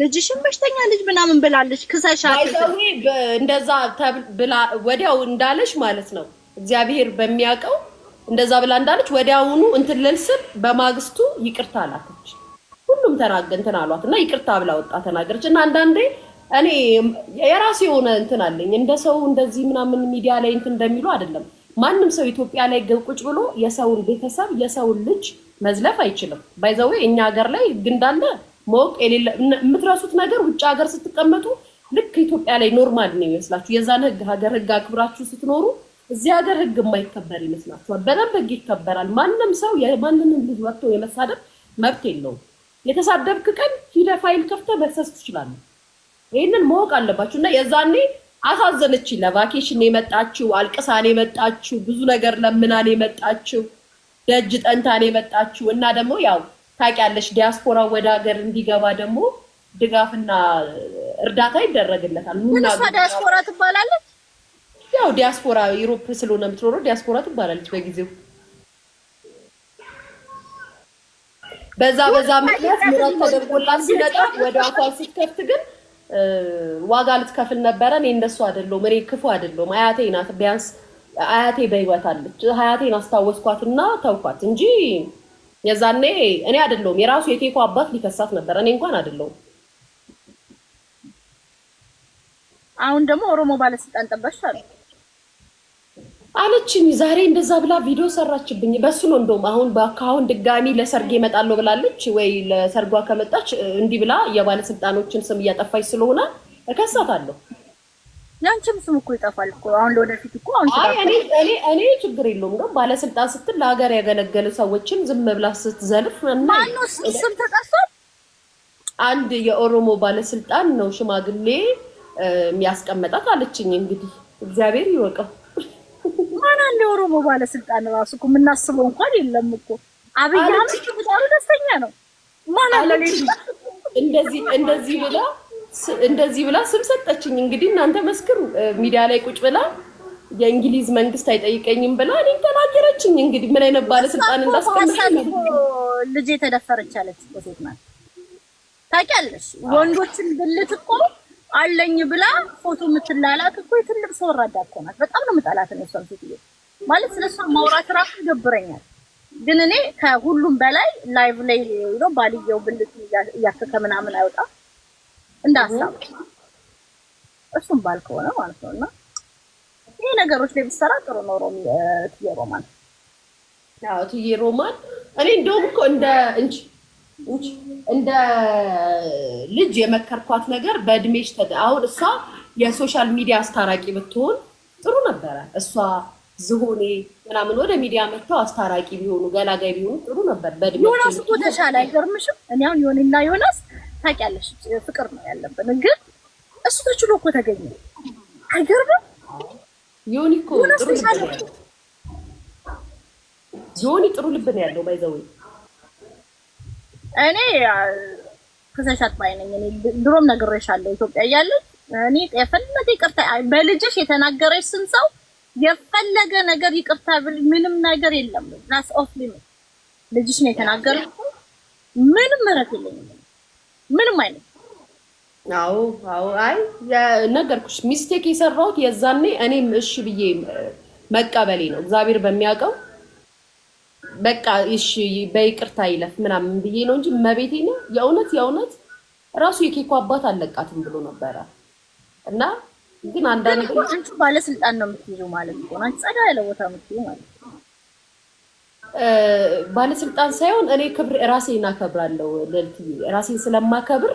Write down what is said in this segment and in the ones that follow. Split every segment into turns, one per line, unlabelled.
ልጅሽን በሽተኛ ልጅ ምናምን ብላለች ክሰሻት
እንደዛ ብላ ወዲያው እንዳለች ማለት ነው። እግዚአብሔር በሚያውቀው እንደዛ ብላ እንዳለች ወዲያውኑ እንትን በማግስቱ ይቅርታ አላተች። ሁሉም ተናገ እንትን አሏት እና ይቅርታ ብላ ወጣ ተናገረች። እና አንዳንዴ እኔ የራሴ የሆነ እንትን አለኝ እንደ ሰው እንደዚህ ምናምን ሚዲያ ላይ እንትን እንደሚሉ አይደለም። ማንም ሰው ኢትዮጵያ ላይ ቁጭ ብሎ የሰውን ቤተሰብ የሰውን ልጅ መዝለፍ አይችልም። ባይዘዌ እኛ ሀገር ላይ ህግ እንዳለ ማወቅ የሌለ የምትረሱት ነገር ውጭ ሀገር ስትቀመጡ ልክ ኢትዮጵያ ላይ ኖርማል ነው ይመስላችሁ። የዛን ህግ ሀገር ህግ አክብራችሁ ስትኖሩ እዚህ ሀገር ህግ የማይከበር ይመስላችኋል። በደንብ ህግ ይከበራል። ማንም ሰው የማንንም ልጅ ወጥቶ የመሳደብ መብት የለውም። የተሳደብክ ቀን ሂደ ፋይል ከፍተ መክሰስ ትችላለህ። ይህንን ማወቅ አለባችሁ እና የዛኔ አሳዘነች። ለቫኬሽን የመጣችው አልቅሳን የመጣችው ብዙ ነገር ለምናን የመጣችው ደጅ ጠንታን የመጣችው እና ደግሞ ያው ታውቂያለሽ፣ ዲያስፖራ ወደ ሀገር እንዲገባ ደግሞ ድጋፍና እርዳታ ይደረግለታል።
ምንሷ ዲያስፖራ ትባላለች።
ያው ዲያስፖራ ዩሮፕ ስለሆነ የምትኖረው ዲያስፖራ ትባላለች በጊዜው በዛ በዛ ምክንያት ምረት ተደርጎላት ሲመጣ ወደ አፏን ሲከፍት ግን ዋጋ ልትከፍል ነበረ። እኔ እንደሱ አይደለሁም፣ እኔ ክፉ አይደለሁም። አያቴ ናት፣ ቢያንስ አያቴ በሕይወት አለች። አያቴን አስታወስኳትና ተውኳት እንጂ የዛኔ እኔ አይደለሁም የራሱ የኬኮ አባት ሊከሳት ነበር። እኔ እንኳን አይደለሁም።
አሁን ደግሞ ኦሮሞ ባለስልጣን ጠበሽ
አለችኝ። ዛሬ እንደዛ ብላ ቪዲዮ ሰራችብኝ። በሱ ነው እንደውም አሁን በአካሁን ድጋሚ ለሰርግ ይመጣለሁ ብላለች ወይ ለሰርጓ ከመጣች እንዲህ ብላ የባለስልጣኖችን ስም እያጠፋች ስለሆነ እከሳታለሁ።
ያንቺም ስም እኮ ይጠፋል እኮ አሁን ለወደፊት እኮ
እኔ ችግር የለውም ግን ባለስልጣን ስትል ለሀገር ያገለገሉ ሰዎችን ዝም ብላ ስትዘልፍ
ማነው ስም ተጠርሷል አንድ የኦሮሞ ባለስልጣን ነው ሽማግሌ የሚያስቀመጣት አለችኝ እንግዲህ እግዚአብሔር ይወቀው ማን አለ የኦሮሞ ባለስልጣን ራሱ እኮ የምናስበው እንኳን የለም እኮ አብይ አህመድ ደስተኛ ነው ማን አለ እንደዚህ እንደዚህ ብላ እንደዚህ ብላ ስም ሰጠችኝ። እንግዲህ እናንተ መስክሩ። ሚዲያ ላይ ቁጭ ብላ የእንግሊዝ መንግስት አይጠይቀኝም ብላ እኔ ተናገረችኝ። እንግዲህ ምን አይነት ባለስልጣን እንዳስቀምጠኝ ልጄ ተደፈረች አለች። ሴት ናት ታውቂያለሽ። ወንዶችን ብልት እኮ አለኝ ብላ ፎቶ የምትላላት እኮ የትልቅ ሰው እራዳ እኮ ናት። በጣም ነው የምጠላት ነው ሰው ሴትዮ ማለት ስለሷ ማውራት ራሱ ይደብረኛል። ግን እኔ ከሁሉም በላይ ላይቭ ላይ ነው ባልየው ብልት እያከከ ምናምን አይወጣም እንደ ሀሳብ እሱም ባል ከሆነ ማለት ነው። እና ይህ ነገሮች ላይ ብትሰራ ጥሩ ነው። ሮሚ ትዬ ሮማን ትዬ ሮማን እኔ እንደውም እኮ እንደ እንጂ እንደ ልጅ የመከርኳት ነገር በእድሜሽ ተደ አሁን እሷ የሶሻል ሚዲያ አስታራቂ ብትሆን ጥሩ ነበረ። እሷ ዝሆኔ ምናምን ወደ ሚዲያ መጥተው አስታራቂ ቢሆኑ ገላጋይ ቢሆኑ ጥሩ ነበር። በእድሜ ዮናስ እኮ ተሻለ አይገርምሽም? እኔ አሁን ዮኒና ዮናስ ታውቂያለሽ፣ ፍቅር ነው ያለብን። ግን እሱ ተችሎ እኮ ተገኘ። አይገርምም? ዮኒ እኮ ጥሩ ልብ ዮኒ ጥሩ ልብ ነው ያለው። ባይዘው እኔ ከሰሻት ባይ ነኝ። እኔ ድሮም ነግሬሻለሁ፣ ኢትዮጵያ እያለች እኔ የፈለገ ይቅርታ በልጅሽ የተናገረች ስንት ሰው የፈለገ ነገር ይቅርታ ብል ምንም ነገር የለም። ላስ ኦፍ ሊሚት ልጅሽ ነው የተናገረችው። ምንም ምሕረት የለኝም ምንም አይነት አዎ አዎ። አይ ነገርኩሽ፣ ሚስቴክ የሰራሁት የዛኔ እኔም እሺ ብዬ መቀበሌ ነው። እግዚአብሔር በሚያውቀው በቃ እሺ በይቅርታ ይለፍ ምናምን ብዬ ነው እንጂ መቤቴ ነው የእውነት የእውነት ራሱ የኬኮ አባት አለቃትም ብሎ ነበረ እና ግን አንዳንድ አንቺ ባለስልጣን ነው የምትይዙ ማለት ነው። አንቺ ጸዳ ያለ ቦታ የምትይዙ ማለት ነው። ባለስልጣን ሳይሆን እኔ ክብር ራሴን እናከብራለው ራሴን ስለማከብር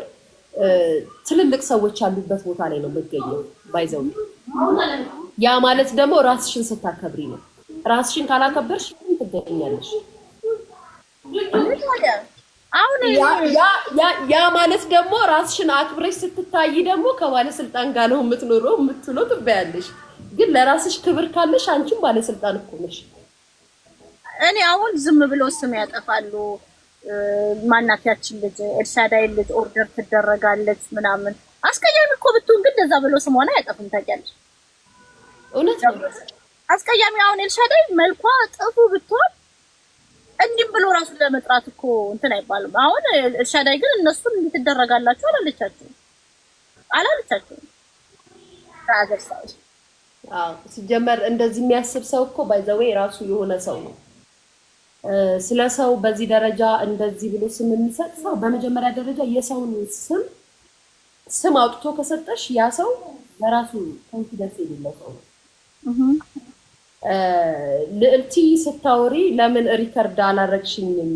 ትልልቅ ሰዎች ያሉበት ቦታ ላይ ነው የምገኘው። ባይዘው ያ ማለት ደግሞ ራስሽን ስታከብሪ ነው። ራስሽን ካላከበርሽ ትገኛለሽ። ያ ማለት ደግሞ ራስሽን አክብረሽ ስትታይ ደግሞ ከባለስልጣን ጋር ነው የምትኖረው የምትሎ ትበያለሽ። ግን ለራስሽ ክብር ካለሽ አንቺም ባለስልጣን እኮ ነሽ። እኔ አሁን ዝም ብሎ ስም ያጠፋሉ። ማናፊያችን ልጅ ኤልሳዳይ ልጅ ኦርደር ትደረጋለች ምናምን። አስቀያሚ እኮ ብትሆን ግን እንደዛ ብሎ ስም ሆነ አያጠፉም። ታውቂያለሽ፣ እውነት አስቀያሚ። አሁን ኤልሳዳይ መልኳ ጥፉ ብትሆን እንዲም ብሎ ራሱ ለመጥራት እኮ እንትን አይባልም። አሁን ኤልሳዳይ ግን እነሱን ትደረጋላችሁ አላለቻችሁም፣ አላለቻችሁም ሲጀመር እንደዚህ የሚያስብ ሰው እኮ ባይዘወይ ራሱ የሆነ ሰው ነው ስለ ሰው በዚህ ደረጃ እንደዚህ ብሎ ስም የሚሰጥ ሰው በመጀመሪያ ደረጃ የሰውን ስም ስም አውጥቶ ከሰጠሽ ያ ሰው ለራሱ ኮንፊደንስ የሌለው ሰው ነው። ልዕልቲ ስታወሪ ለምን ሪከርድ አላረግሽኝም፣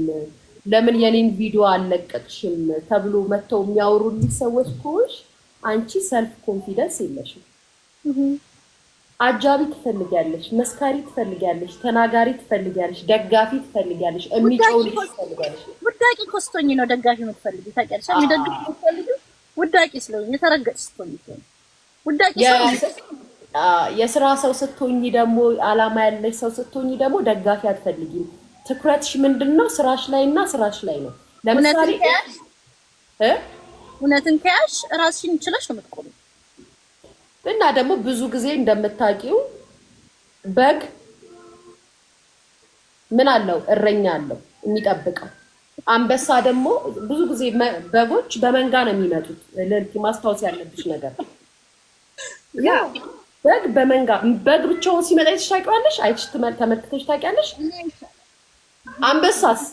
ለምን የኔን ቪዲዮ አልለቀቅሽም ተብሎ መጥተው የሚያወሩልኝ ሰዎች ከሆንሽ አንቺ ሰልፍ ኮንፊደንስ የለሽም። አጃቢ ትፈልጊያለሽ፣ መስካሪ ትፈልጊያለሽ፣ ተናጋሪ ትፈልጊያለሽ፣ ደጋፊ ትፈልጊያለሽ፣ እሚጮው ልጅ ትፈልጊያለሽ። ውዳቂ ኮስቶኝ ነው ደጋፊ የምትፈልጊ ታውቂያለሽ። የሚደግፍ የምትፈልጊ ውዳቂ ስለሆኝ የተረገጥሽ ስትሆኝ ውዳቂ የስራ ሰው ስትሆኝ ደግሞ አላማ ያለሽ ሰው ስትሆኝ ደግሞ ደጋፊ አትፈልጊም። ትኩረትሽ ምንድን ነው? ስራሽ ላይ እና ስራሽ ላይ ነው። ለምሳሌ እውነትን ከያሽ እራስሽን ችለሽ ነው የምትቆሉ እና ደግሞ ብዙ ጊዜ እንደምታውቂው በግ ምን አለው? እረኛ አለው የሚጠብቀው። አንበሳ ደግሞ ብዙ ጊዜ በጎች በመንጋ ነው የሚመጡት። ልልቲ ማስታወስ ያለብሽ ነገር ያ በግ በመንጋ በግ ብቻውን ሲመጣ አይተሽ ታውቂዋለሽ? አይተሽ ተመልክተሽ ታውቂያለሽ? አንበሳስ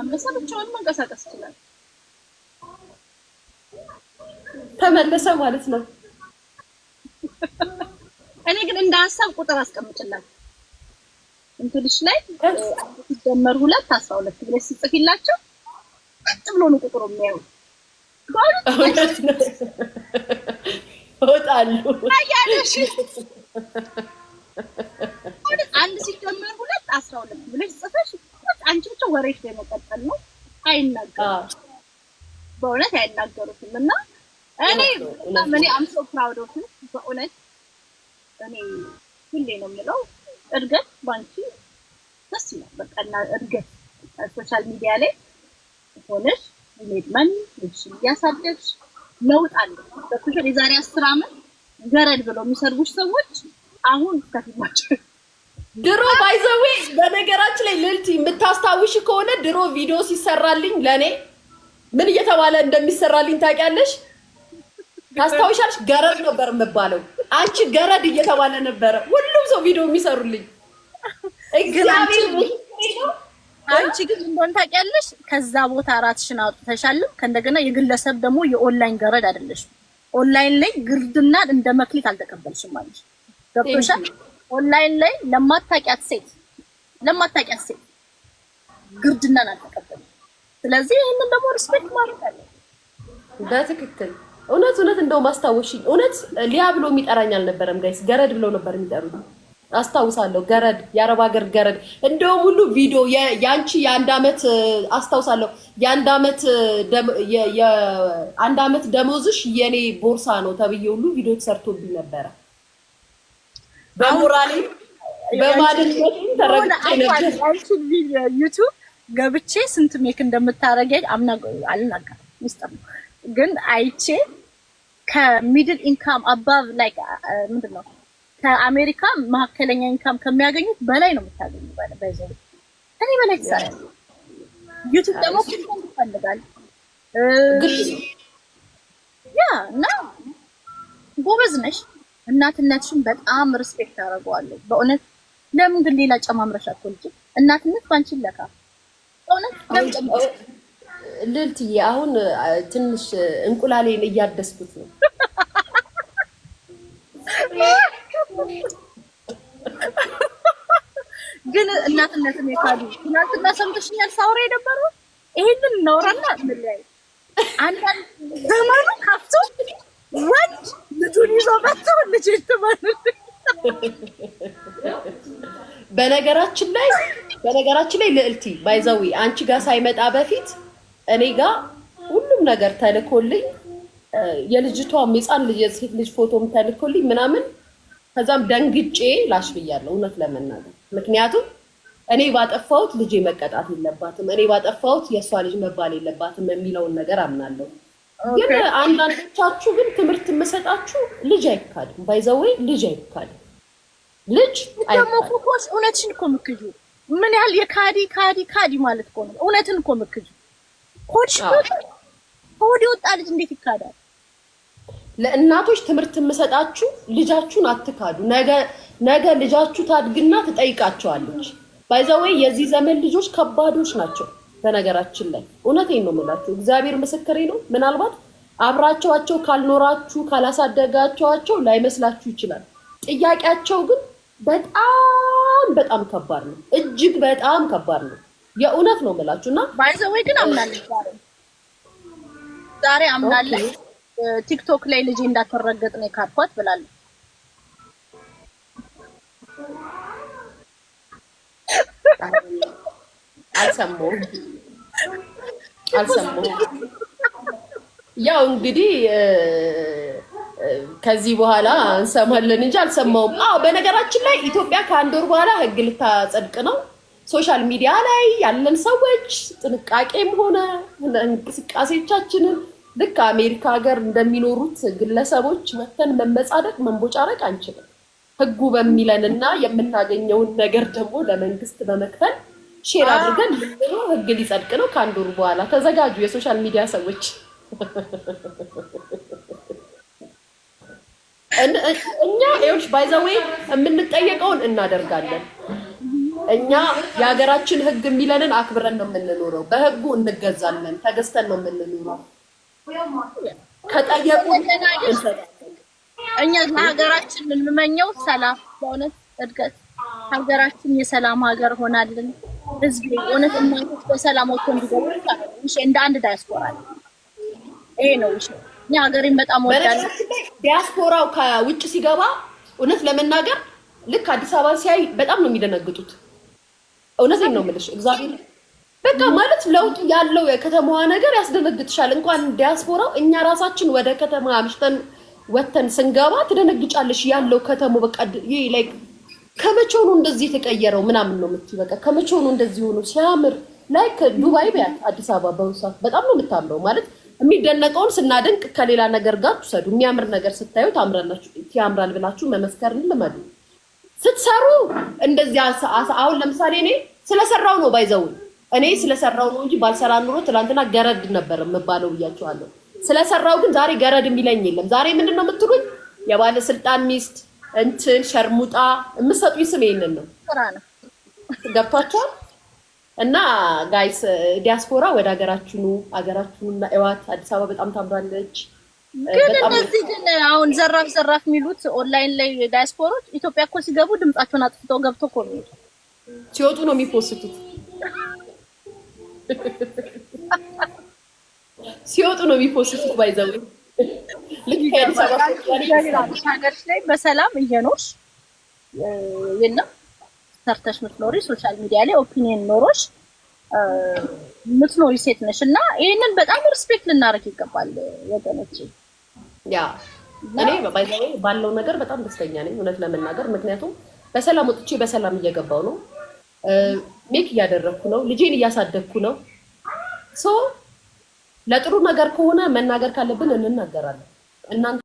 አንበሳ ብቻውን መንቀሳቀስ ይችላል። ተመለሰ ማለት ነው። እኔ ግን እንደ ሀሳብ ቁጥር አስቀምጥላት እንትልሽ ላይ ሲደመር ሁለት አስራ ሁለት ብለሽ ሲጽፊላቸው ቀጥ ብሎ ነው ቁጥሩ የሚያዩ ወጣሉ አንድ ሲደመር ሁለት አስራ ሁለት ብለሽ ጽፈሽ አንቺ ብቻ ወሬሽ ላይ ነው። አይናገሩም፣ በእውነት አይናገሩትም። እና እኔ እኔ አም ፕራውድ ኦፍ በእውነት እኔ ሁሌ ነው የምለው እድገት ባንቺ ደስ ነው። በቃና እድገት ሶሻል ሚዲያ ላይ ሆነሽ ሜድመን ልጅሽን እያሳደግሽ ለውጥ አለ። በሶሻል የዛሬ አስር አመት ገረድ ብለው የሚሰርጉሽ ሰዎች አሁን ከፊማቸው ድሮ ባይዘዊ በነገራችን ላይ ልልቲ የምታስታውሽ ከሆነ ድሮ ቪዲዮ ሲሰራልኝ ለእኔ ምን እየተባለ እንደሚሰራልኝ ታውቂያለሽ? ታስታውሻለሽ? ገረድ ነበር የምባለው። አንቺ ገረድ እየተባለ ነበረ ሁሉም ሰው ቪዲዮ የሚሰሩልኝ። አንቺ ግን እንደሆነ ታውቂያለሽ፣ ከዛ ቦታ ራትሽን አውጥተሻልም። ከእንደገና የግለሰብ ደግሞ የኦንላይን ገረድ አይደለሽም። ኦንላይን ላይ ግርድናን እንደ መክሊት አልተቀበልሽም ማለት ገብቶሻል። ኦንላይን ላይ ለማታውቂያት ሴት ለማታውቂያት ሴት ግርድናን አልተቀበልም። ስለዚህ ይህንን ደግሞ ሪስፔክት ማድረግ አለ በትክክል እውነት እውነት እንደው አስታወስሽኝ። እውነት ሊያ ብሎ የሚጠራኝ አልነበረም ጋይስ፣ ገረድ ብለው ነበር የሚጠሩ አስታውሳለሁ ገረድ፣ የአረብ ሀገር ገረድ። እንደውም ሁሉ ቪዲዮ ያንቺ የአንድ ዓመት አስታውሳለሁ፣ የአንድ ዓመት የአንድ አመት ደሞዝሽ የኔ ቦርሳ ነው ተብዬ ሁሉ ቪዲዮ ተሰርቶብኝ ነበረ። በሞራሌ በማደንበት ተረግጬ ነበር። ዩቱብ ገብቼ ስንት ሜክ እንደምታረገኝ አልናገርም። ግን አይቼ ከሚድል ኢንካም አባቭ ላይክ ምንድን ነው ከአሜሪካ መካከለኛ ኢንካም ከሚያገኙት በላይ ነው የምታገኙ። በዚ እኔ በላይ ትሰራ ዩቱብ ደግሞ ይፈልጋል። ያ እና ጎበዝ ነሽ። እናትነትሽን በጣም ሪስፔክት አደርገዋለሁ በእውነት። ለምን ግን ሌላ ጨማምረሻ እኮ ልጅ እናትነት ባንቺ ለካ በእውነት ለምን ልልትዬ አሁን ትንሽ እንቁላሌን እያደስኩት ነው። ግን እናትነትን የካዱ ትናንትና ሰምተሽኛል ሳውራ የነበረው ይሄንን እናውራና ምላይ አንዳንድ ዘመኑ ካፍቶ ወንድ ልጁን ይዞ መጥቶ ልጅ ትማለ በነገራችን ላይ በነገራችን ላይ ልዕልቲ ባይዘዊ አንቺ ጋር ሳይመጣ በፊት እኔ ጋ ሁሉም ነገር ተልኮልኝ የልጅቷም የጻን ልጅ የሴት ልጅ ፎቶም ተልኮልኝ ምናምን ከዛም ደንግጬ ላሽ ብያለሁ፣ እውነት ለመናገር ምክንያቱም እኔ ባጠፋሁት ልጄ መቀጣት የለባትም፣ እኔ ባጠፋሁት የእሷ ልጅ መባል የለባትም የሚለውን ነገር አምናለሁ። ግን አንዳንዶቻችሁ ግን ትምህርት የምሰጣችሁ ልጅ አይካድም፣ ባይዘወይ ልጅ አይካድም። ልጅ ደግሞ እውነትሽን እኮ ምክጁ ምን ያህል የካዲ ካዲ ካዲ ማለት ነው። እውነትን እኮ ምክጁ ሆድ የወጣ ልጅ እንዴት ይካዳል? ለእናቶች ትምህርት የምሰጣችሁ ልጃችሁን አትካዱ። ነገ ነገ ልጃችሁ ታድግና ትጠይቃቸዋለች። ባይዘወይ የዚህ ዘመን ልጆች ከባዶች ናቸው። በነገራችን ላይ እውነቴን ነው የምላችሁ፣ እግዚአብሔር ምስክሬ ነው። ምናልባት አብራቸዋቸው ካልኖራችሁ ካላሳደጋቸዋቸው ላይመስላችሁ ይችላል። ጥያቄያቸው ግን በጣም በጣም ከባድ ነው። እጅግ በጣም ከባድ ነው። የእውነት ነው የምላችሁ እና ባይዘወይ ግን አምናለች ዛሬ አምናለች። ቲክቶክ ላይ ልጅ እንዳትረገጥ ነው የካድኳት ብላለች። አልሰማሁም አልሰማሁም። ያው እንግዲህ ከዚህ በኋላ እንሰማለን እንጂ አልሰማውም። አዎ በነገራችን ላይ ኢትዮጵያ ከአንድ ወር በኋላ ህግ ልታጸድቅ ነው። ሶሻል ሚዲያ ላይ ያለን ሰዎች ጥንቃቄም ሆነ እንቅስቃሴዎቻችንን ልክ አሜሪካ ሀገር እንደሚኖሩት ግለሰቦች መተን መመጻደቅ መንቦጫረቅ አንችልም። ህጉ በሚለን እና የምናገኘውን ነገር ደግሞ ለመንግስት በመክፈል ሼር አድርገን ህግ ሊጸድቅ ነው ከአንድ ወር በኋላ ተዘጋጁ፣ የሶሻል ሚዲያ ሰዎች። እኛ ዎች ባይዘዌ የምንጠየቀውን እናደርጋለን። እኛ የሀገራችን ህግ የሚለንን አክብረን ነው የምንኖረው። በህጉ እንገዛለን፣ ተገዝተን ነው የምንኖረው። ከጠየቁ እኛ ለሀገራችን የምንመኘው ሰላም፣ በእውነት እድገት፣ ሀገራችን የሰላም ሀገር ሆናልን። ህዝብ እውነት እናቶች በሰላም ወጥቶ እንዲገቡ እንደ አንድ ዳያስፖራ ይሄ ነው እኛ ሀገሬን በጣም ወዳለ ዲያስፖራው ከውጭ ሲገባ እውነት ለመናገር ልክ አዲስ አበባ ሲያይ በጣም ነው የሚደነግጡት። እውነቴን ነው የምልሽ። እግዚአብሔር በቃ ማለት ለውጥ ያለው የከተማዋ ነገር ያስደነግጥሻል። እንኳን ዲያስፖራው እኛ ራሳችን ወደ ከተማ አምሽተን ወተን ስንገባ ትደነግጫለሽ። ያለው ከተማ በቃ ይሄ ላይ ነው እንደዚህ የተቀየረው ምናምን ነው የምትይው። በቃ ነው እንደዚህ ሆኖ ሲያምር ላይ ዱባይ ቢያት አዲስ አበባ በአሁኑ ሰዓት በጣም ነው የምታምረው። ማለት የሚደነቀውን ስናደንቅ ከሌላ ነገር ጋር ትውሰዱ። የሚያምር ነገር ስታዩ ታምራላችሁ፣ ያምራል ብላችሁ መመስከርን ልመዱ። ስትሰሩ እንደዚህ አሁን ለምሳሌ እኔ ስለሰራው ነው ባይዘው እኔ ስለሰራው ነው እንጂ ባልሰራ ኑሮ ትላንትና ገረድ ነበር የምባለው ብያቸዋለሁ። ስለሰራው ግን ዛሬ ገረድ የሚለኝ የለም። ዛሬ ምንድን ነው የምትሉኝ? የባለስልጣን ሚስት እንትን ሸርሙጣ የምትሰጡኝ ስም ይሄንን ነው። ገብቷቸዋል። እና ጋይስ ዲያስፖራ ወደ ሀገራችኑ ሀገራችሁና እዋት። አዲስ አበባ በጣም ታምራለች። ግን እነዚህ ግን አሁን ዘራፍ ዘራፍ የሚሉት ኦንላይን ላይ ዳያስፖሮች ኢትዮጵያ እኮ ሲገቡ ድምጻቸውን አጥፍተው ገብቶ እኮ ነው ሲወጡ ነው የሚፖስቱት። ሲወጡ ነው የሚፖስቱት። ባይዘው ሀገርሽ ላይ በሰላም እየኖርሽ የለም ሰርተሽ ምትኖሪ ሶሻል ሚዲያ ላይ ኦፒኒየን ኖሮሽ ምትኖሪ ሴት ነሽ እና ይህንን በጣም ሪስፔክት ልናደርግ ይገባል ወገኖቼ። ያ እኔ ባለው ነገር በጣም ደስተኛ ነኝ እውነት ለመናገር ምክንያቱም በሰላም ወጥቼ በሰላም እየገባው ነው ሜክ እያደረግኩ ነው ልጄን እያሳደግኩ ነው ሶ ለጥሩ ነገር ከሆነ መናገር ካለብን እንናገራለን እናንተ